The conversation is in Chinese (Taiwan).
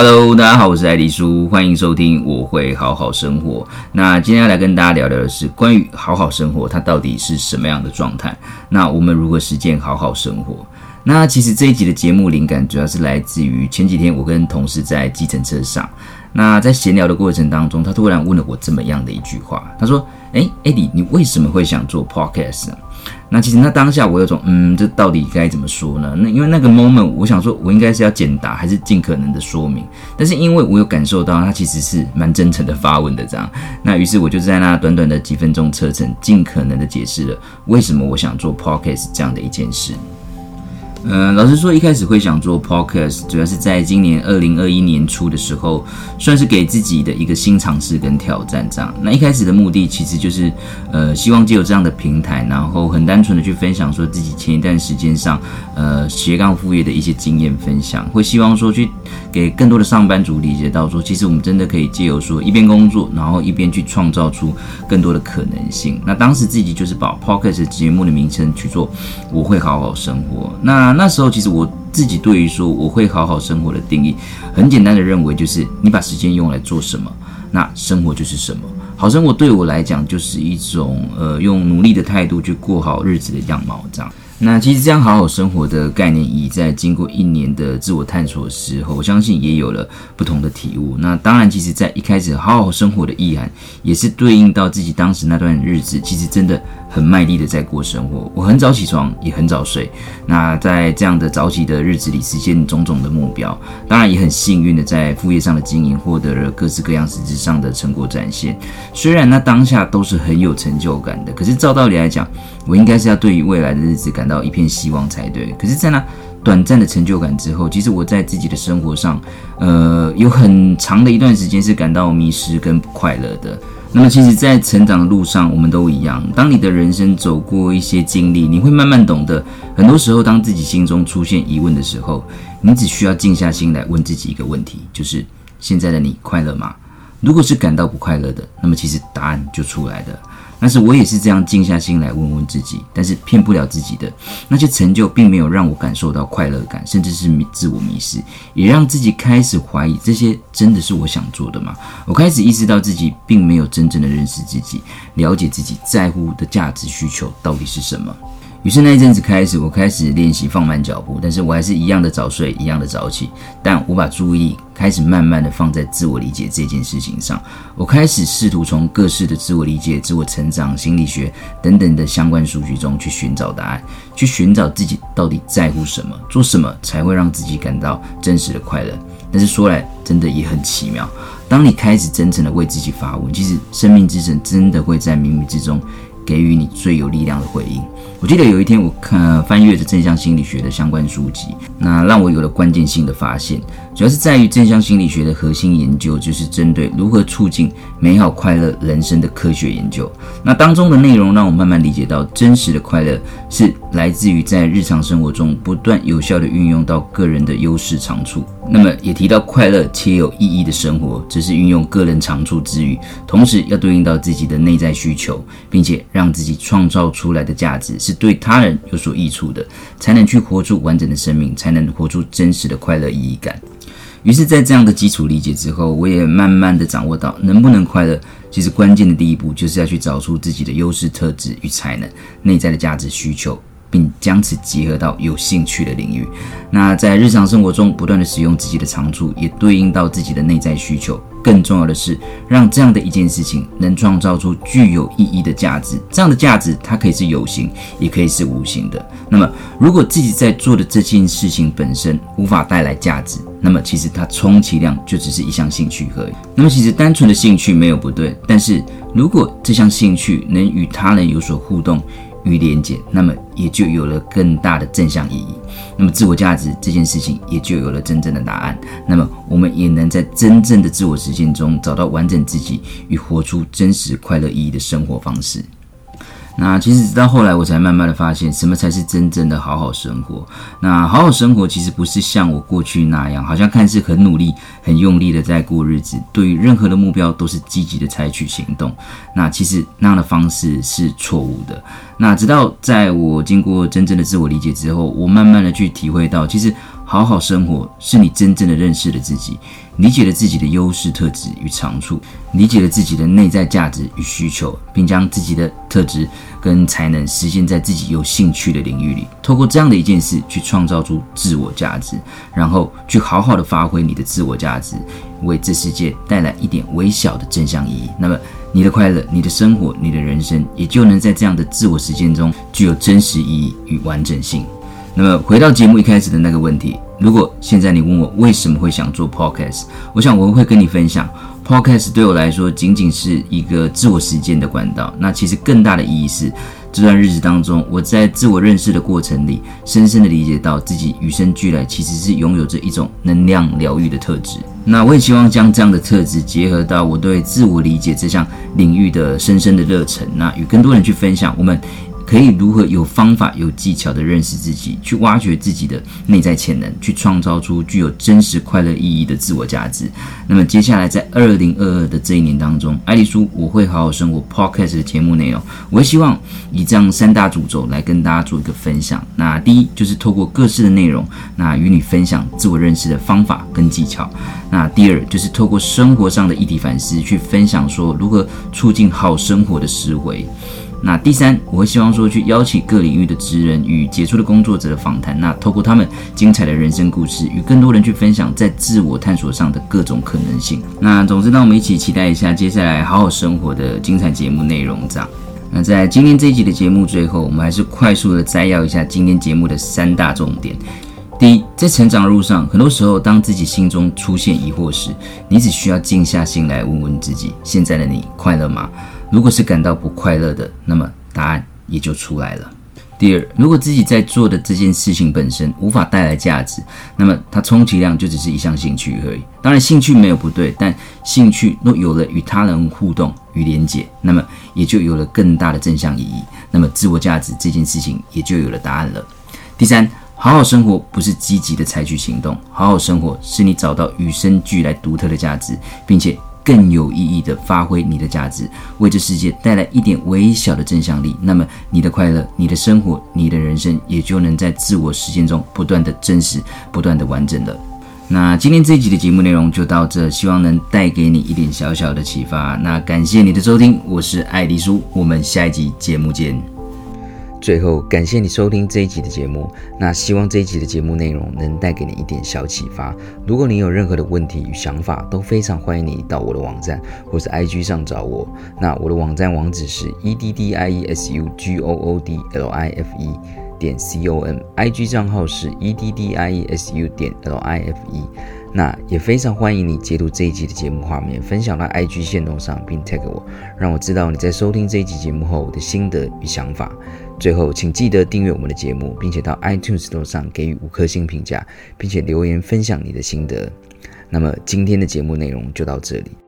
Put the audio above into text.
Hello，大家好，我是艾迪蘇，歡迎收聽。我會好好生活。那今天要來跟大家聊聊的是關於好好生活，它到底是什麼樣的狀態？那我們如何實踐好好生活？那其實這一集的節目靈感主要是來自於前幾天我跟同事在計程車上，那在閒聊的過程當中，他突然問了我這麼樣的一句話，他說：“誒，艾迪，你為什麼會想做 Podcast？” 啊，那其實那當下我有種，嗯，這到底該怎麼說呢？那因為那個 moment，我想說，我應該是要簡答，還是盡可能的說明？但是因為我有感受到他其實是蠻真誠的發問的這樣，那於是我就在那短短的幾分鐘車程，盡可能的解釋了為什麼我想做 Podcast 這樣的一件事。嗯、呃，老實說，一開始會想做 Podcast，主要是在今年二零二一年初的時候，算是給自己的一個新嘗試跟挑戰這樣。那一開始的目的其實就是，呃，希望借由這樣的平台，然後很單純的去分享說自己前一段時間上，呃，斜槓副業的一些經驗分享，會希望說去給更多的上班族理解到說，其實我們真的可以借由說一邊工作，然後一邊去創造出更多的可能性。那當時自己就是把 Podcast 的節目的名稱去做，我會好好生活。那那那時候，其實我自己對於說我會好好生活的定義，很簡單的認為就是你把時間用來做什麼，那生活就是什麼。好生活對我來講，就是一種呃，用努力的態度去過好日子的樣貌這樣。那其實這樣好好生活的概念，已在經過一年的自我探索的時候，我相信也有了不同的體悟。那當然，其實在一開始好好生活的意涵，也是對應到自己當時那段日子，其實真的。很賣力的在過生活，我很早起床，也很早睡。那在這樣的早起的日子裡，實現種種的目標，當然也很幸運的在副業上的經營獲得了各式各樣實質上的成果展現。雖然那當下都是很有成就感的，可是照道理來講，我應該是要對於未來的日子感到一片希望才對。可是，在那短暫的成就感之後，其實我在自己的生活上，呃，有很長的一段時間是感到迷失跟不快樂的。那麼，其實，在成長的路上，我們都一樣。當你的人生走過一些經歷，你會慢慢懂得，很多時候，當自己心中出現疑問的時候，你只需要靜下心來問自己一個問題，就是現在的你快樂嗎？如果是感到不快樂的，那麼其實答案就出來了。但是我也是這樣靜下心來問問自己，但是騙不了自己的那些成就，並沒有讓我感受到快樂感，甚至是自我迷失，也讓自己開始懷疑這些真的是我想做的嗎？我開始意識到自己並沒有真正的認識自己，了解自己在乎的價值需求到底是什麼。於是那一陣子開始，我開始練習放慢腳步，但是我還是一樣的早睡，一樣的早起。但我把注意力開始慢慢的放在自我理解這件事情上，我開始試圖從各式的自我理解、自我成長、心理學等等的相關數據中去尋找答案，去尋找自己到底在乎什麼，做什麼才會讓自己感到真實的快樂。但是說來真的也很奇妙，當你開始真誠的為自己發問，其實生命之神真的會在冥冥之中給予你最有力量的回應。我記得有一天，我看翻閱着正向心理學的相關書籍，那讓我有了關鍵性的發現。主要是在於正向心理學的核心研究，就是針對如何促進美好快樂人生的科學研究。那當中的內容，讓我慢慢理解到，真實的快樂是來自於在日常生活中不斷有效地運用到個人的優勢長處。那麼也提到，快樂且有意義的生活，只是運用個人長處之餘，同時要對應到自己的內在需求，並且讓自己創造出來的價值是對他人有所益處的，才能去活出完整的生命，才能活出真實的快樂意義感。於是，在這樣的基礎理解之後，我也慢慢的掌握到，能不能快樂，其實關鍵的第一步，就是要去找出自己的優勢特質與才能，內在的價值需求。並將此結合到有興趣的領域。那在日常生活中，不斷地使用自己的長處，也對應到自己的內在需求。更重要的是，讓這樣的一件事情能創造出具有意義的價值。這樣的價值，它可以是有形，也可以是無形的。那麼，如果自己在做的這件事情本身無法帶來價值，那麼其實它充其量就只是一項興趣而已。那麼，其實單純的興趣沒有不對，但是如果這項興趣能與他人有所互動，與連結，那麼也就有了更大的正向意義。那麼自我價值這件事情也就有了真正的答案。那麼我們也能在真正的自我實現中找到完整自己與活出真實快樂意義的生活方式。那其實直到後來我才慢慢的發現，什麼才是真正的好好生活。那好好生活其實不是像我過去那樣，好像看似很努力、很用力的在過日子，對於任何的目標都是積極的採取行動。那其實那樣的方式是錯誤的。那直到在我經過真正的自我理解之後，我慢慢的去體會到，其實好好生活是你真正的認識了自己，理解了自己的優勢特質與長處，理解了自己的內在價值與需求，並將自己的特質跟才能實現在自己有興趣的領域裡，透過這樣的一件事去創造出自我價值，然後去好好的發揮你的自我價值，為這世界帶來一點微小的正向意義。那麼。你的快樂、你的生活、你的人生，也就能在這樣的自我實踐中具有真實意義與完整性。那麼，回到節目一開始的那個問題，如果現在你問我為什麼會想做 podcast，我想我會跟你分享，podcast 對我來說僅僅是一個自我實踐的管道。那其實更大的意義是。這段日子當中，我在自我認識的過程裡，深深的理解到自己與生俱來其實是擁有着一種能量療愈的特質。那我也希望將這樣的特質結合到我對自我理解這項領域的深深的熱忱，那與更多人去分享我們。可以如何有方法、有技巧的認識自己，去挖掘自己的內在潛能，去創造出具有真實快樂意義的自我價值？那麼接下來在二零二二的這一年當中，艾迪蘇我會好好生活 Podcast 的節目內容，我希望以這樣三大主軸來跟大家做一個分享。那第一就是透過各式的內容，那與你分享自我認識的方法跟技巧。那第二就是透過生活上的議題反思，去分享說如何促進好生活的思維。那第三，我會希望說去邀請各領域的職人與傑出的工作者的訪談，那透過他們精彩的人生故事，與更多人去分享在自我探索上的各種可能性。那總之，讓我們一起期待一下接下來好好生活的精彩節目內容，這樣。那在今天這一集的節目最後，我們還是快速的摘要一下今天節目的三大重點。第一，在成長路上，很多時候，當自己心中出現疑惑時，你只需要靜下心來問問自己：現在的你快樂嗎？如果是感到不快樂的，那麼答案也就出來了。第二，如果自己在做的這件事情本身無法帶來價值，那麼它充其量就只是一項興趣而已。當然，興趣沒有不對，但興趣若有了與他人互動與連接，那麼也就有了更大的正向意義。那麼，自我價值這件事情也就有了答案了。第三。好好生活不是積極的採取行動，好好生活是你找到與生俱來獨特的價值，並且更有意義的發揮你的價值，為這世界帶來一點微小的正向力。那麼，你的快樂、你的生活、你的人生也就能在自我實踐中不斷的真實、不斷的完整了。那今天這一集的節目內容就到這，希望能帶給你一點小小的啟發。那感謝你的收聽，我是艾迪蘇，我們下一集節目見。最後，感謝你收聽這一集的節目。那希望這一集的節目內容能帶給你一點小啟發。如果你有任何的問題與想法，都非常歡迎你到我的網站或是 IG 上找我。那我的網站網址是 e d d i e s u g o o d l i f e 點 c o m，IG 賬號是 e d d i e s u 點 l i f e。那也非常歡迎你截圖這一集的節目畫面，分享到 IG 限動上，並 tag 我，讓我知道你在收聽這一集節目後的心得與想法。最後，請記得訂閱我們的節目，並且到 iTunes store 上給予五顆星評價，並且留言分享你的心得。那麼，今天的節目內容就到這裡。